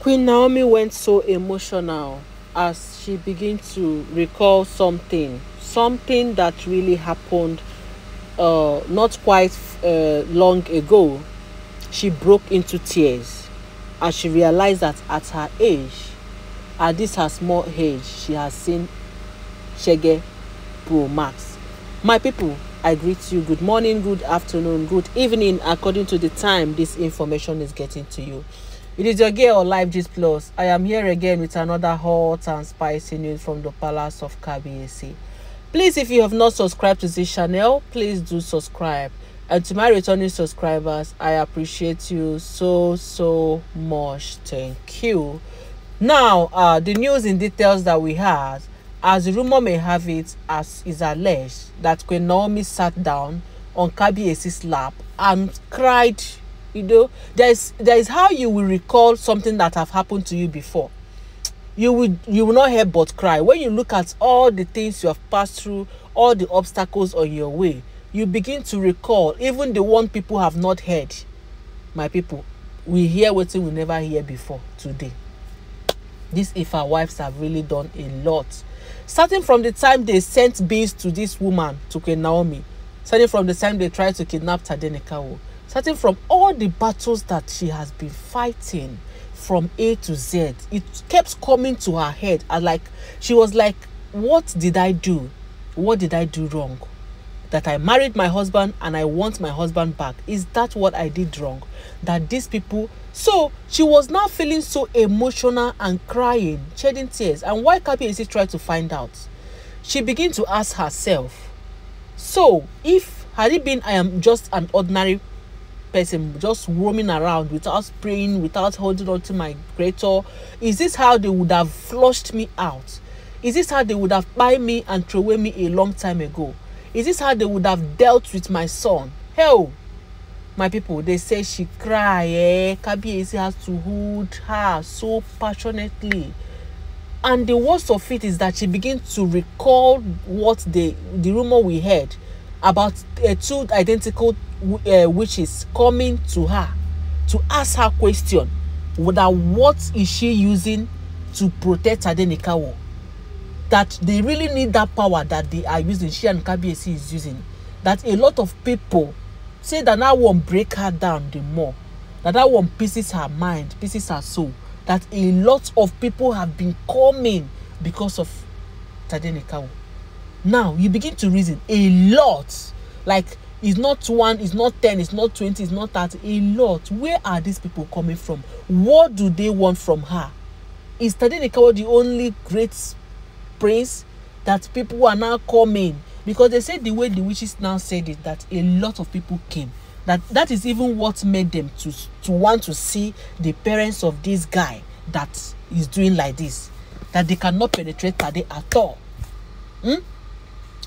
Queen Naomi went so emotional as she began to recall something, something that really happened uh, not quite uh, long ago. She broke into tears as she realized that at her age, at this her small age, she has seen Shege Pro Max. My people, I greet you. Good morning, good afternoon, good evening, according to the time this information is getting to you. It is your girl LiveGist Plus. I am here again with another hot and spicy news from the palace of KBAC. Please, if you have not subscribed to this channel, please do subscribe. And to my returning subscribers, I appreciate you so, so much. Thank you. Now, uh, the news in details that we had, as rumor may have it, as is alleged, that Queen Naomi sat down on KBAC's lap and cried you know there is there is how you will recall something that have happened to you before you will you will not help but cry when you look at all the things you have passed through all the obstacles on your way you begin to recall even the one people have not heard my people we hear what we never hear before today This, if our wives have really done a lot starting from the time they sent beans to this woman to queen naomi starting from the time they tried to kidnap Tadenekao starting from all the battles that she has been fighting from A to Z. It kept coming to her head. And like she was like, What did I do? What did I do wrong? That I married my husband and I want my husband back. Is that what I did wrong? That these people. So she was now feeling so emotional and crying, shedding tears. And why KPAC tried to find out? She began to ask herself, So if had it been I am just an ordinary person just roaming around without praying, without holding on to my creator? Is this how they would have flushed me out? Is this how they would have buyed me and thrown away me a long time ago? Is this how they would have dealt with my son? Hell, my people, they say she cry. Eh? Kabiesi has to hold her so passionately. And the worst of it is that she begins to recall what the, the rumor we heard about uh, two identical uh, eh, witches coming to her to ask her question that what is she using to protect Adenikawo that they really need that power that they are using she and KBC is using that a lot of people say that that one break her down the more that that one pieces her mind pieces her soul that a lot of people have been coming because of Tadenikawo now you begin to reason a lot like it's not one it's not ten it's not twenty it's not thirty a lot where are these people coming from what do they want from her is tadenikawa the only great prince that people are now coming because they say the way the witches now said it that a lot of people came that that is even what made them to to want to see the parents of this guy that is doing like this that they cannot penetrate tade at all hmm?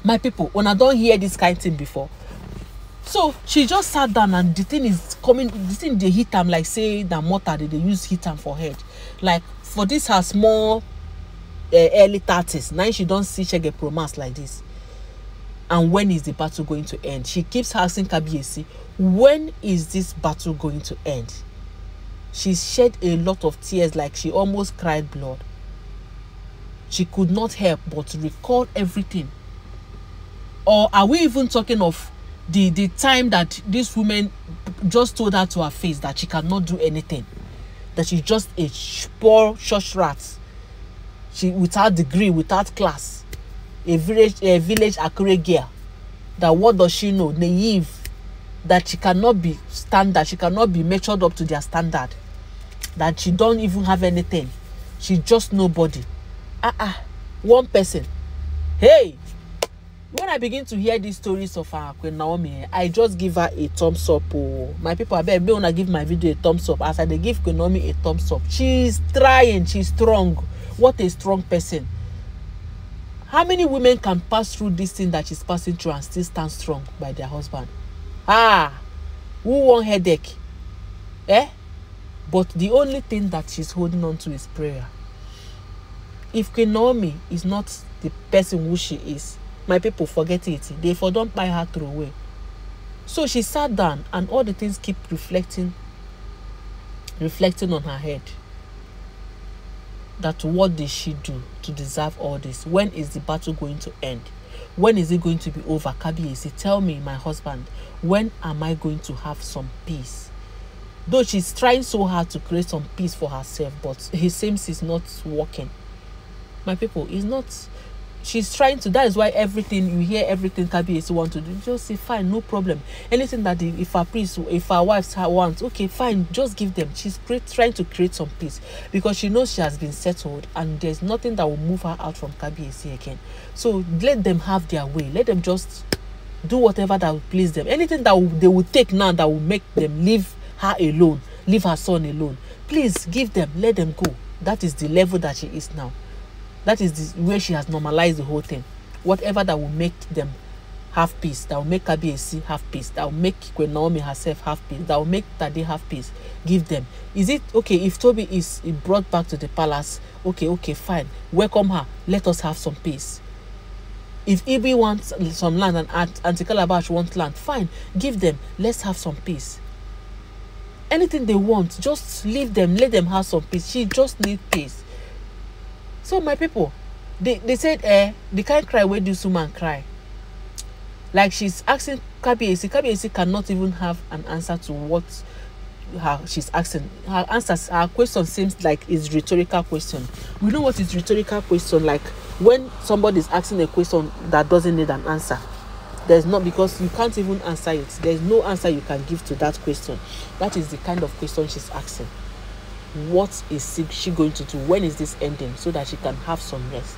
my people una don hear this kind of thing before so she just sat down and the thing is coming the thing dey hit am like say na mortar they dey use hit am for head like for this her small uh, early thirties na she don see shege promise like this and when is the battle going to end she keeps asking kabiyesi when is this battle going to end she shed a lot of tears like she almost cried blood she could not help but recall everything or are we even talking of the the time that this woman just told her to her face that she cannot do anything that she's just a poor church rat she without degree without class a village a village akure girl that what does she know naive that she cannot be standard she cannot be measured up to their standard that she don't even have anything she just nobody ah uh ah one person hey when i begin to hear these stories of our ah, queen naomi i just give her a thumbs up oh my people abeg make una give my video a thumbs up as i dey give queen naomi a thumbs up she's trying she's strong what a strong person how many women can pass through this thing that she's passing through and still stand strong by their husband ah who want headache eh but the only thing that she's holding on to is prayer if queen naomi is not the person who she is my people forget it they for don't buy her away so she sat down and all the things keep reflecting reflecting on her head that what did she do to deserve all this when is the battle going to end when is it going to be over kabiyesi tell me my husband when am i going to have some peace though she's trying so hard to create some peace for herself but it seems it's not working my people it's not she's trying to that is why everything you hear everything is want to do just say fine no problem anything that the, if our priest if her wants okay fine just give them she's trying to create some peace because she knows she has been settled and there's nothing that will move her out from kabiyesi again so let them have their way let them just do whatever that will please them anything that will, they will take now that will make them leave her alone leave her son alone please give them let them go that is the level that she is now that is the way she has normalized the whole thing. Whatever that will make them have peace, that will make KBAC have peace, that will make Kwenomi herself have peace, that will make Tade have peace, give them. Is it okay if Toby is brought back to the palace? Okay, okay, fine. Welcome her. Let us have some peace. If Ibi wants some land and Auntie Calabash wants land, fine, give them. Let's have some peace. Anything they want, just leave them, let them have some peace. She just needs peace so my people they, they said eh can't cry where this woman cry like she's asking kbac kbac cannot even have an answer to what her she's asking her answers her question seems like is rhetorical question we know what is rhetorical question like when somebody is asking a question that doesn't need an answer there's not because you can't even answer it there's no answer you can give to that question that is the kind of question she's asking what is she going to do when is this ending so that she can have some rest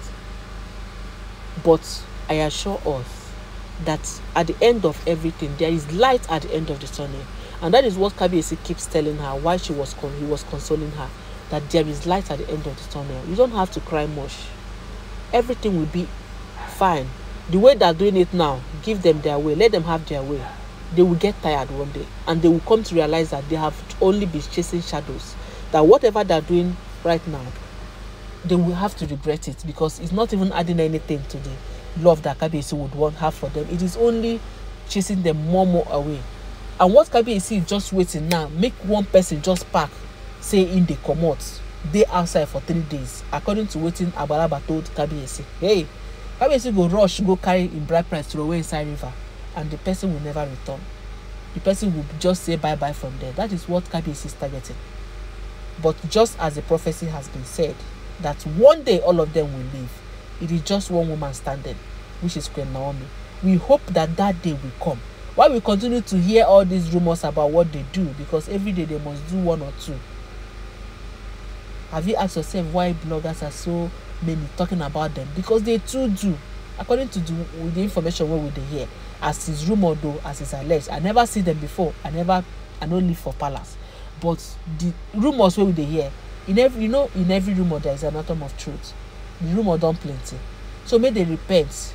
but i assure us that at the end of everything there is light at the end of the tunnel and that is what kbc keeps telling her Why she was con- he was consoling her that there is light at the end of the tunnel you don't have to cry much everything will be fine the way they're doing it now give them their way let them have their way they will get tired one day and they will come to realize that they have only been chasing shadows that whatever they're doing right now, they will have to regret it because it's not even adding anything to the love that Kabiyesi would want have for them. It is only chasing them more more away. And what Kabiyesi is just waiting now, make one person just park, say in the commot, dey outside for three days, according to waiting, Abalaba told Kabiyesi. Hey, Kabiyesi go rush go carry in bright price throwaway inside river and the person will never return. The person will just say bye bye from there. That is what Kabiyesi is targeting. But just as the prophecy has been said, that one day all of them will leave, it is just one woman standing, which is Queen Naomi. We hope that that day will come. Why we continue to hear all these rumors about what they do? Because every day they must do one or two. Have you asked yourself why bloggers are so many talking about them? Because they too do. According to the, the information what we they hear, as is rumored though, as is alleged, I never see them before. I never, I don't live for palace but the rumours wey we dey hear in every you know in every rumour there is an atom of truth the rumour don plenty so make they repent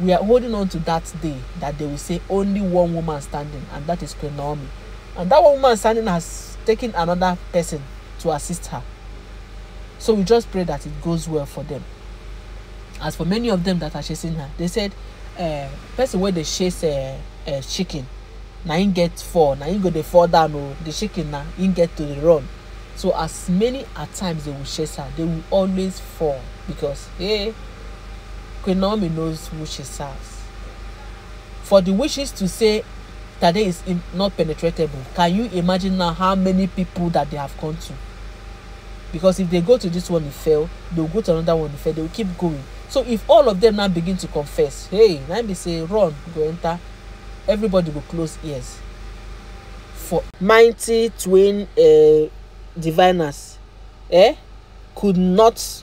we are holding on to that day that they will say only one woman standing and that is queen naomi and that one woman standing has taken another person to assist her so we just pray that it goes well for them as for many of them that are chasing her they said uh, person they chase uh, uh, chicken na him get fall na him go dey fall down o the chicken na him get to dey run so as many at times they will chase her they will always fall because hey eh, queen naomi knows who she serves for the wishes to say tade is not penetrable. can you imagine now how many people that they have gone to because if they go to this one e fail they go to another one e fail they will keep going so if all of them now begin to confess hey na be say run go enter everybody will close ears for mighty twin uh, diviners eh, could not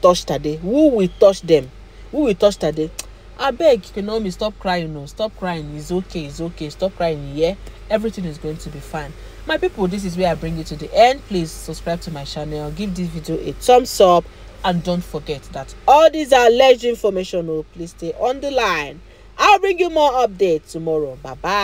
touch today. who will touch them who will touch Tade abeg Naomi stop crying no oh, stop crying it's okay it's okay stop crying yeah everything is going to be fine my people this is where i bring you to the end please subscribe to my channel give this video a thumbs up and don't forget that all these are alleged information oh please stay on the line I'll bring you more updates tomorrow. Bye bye.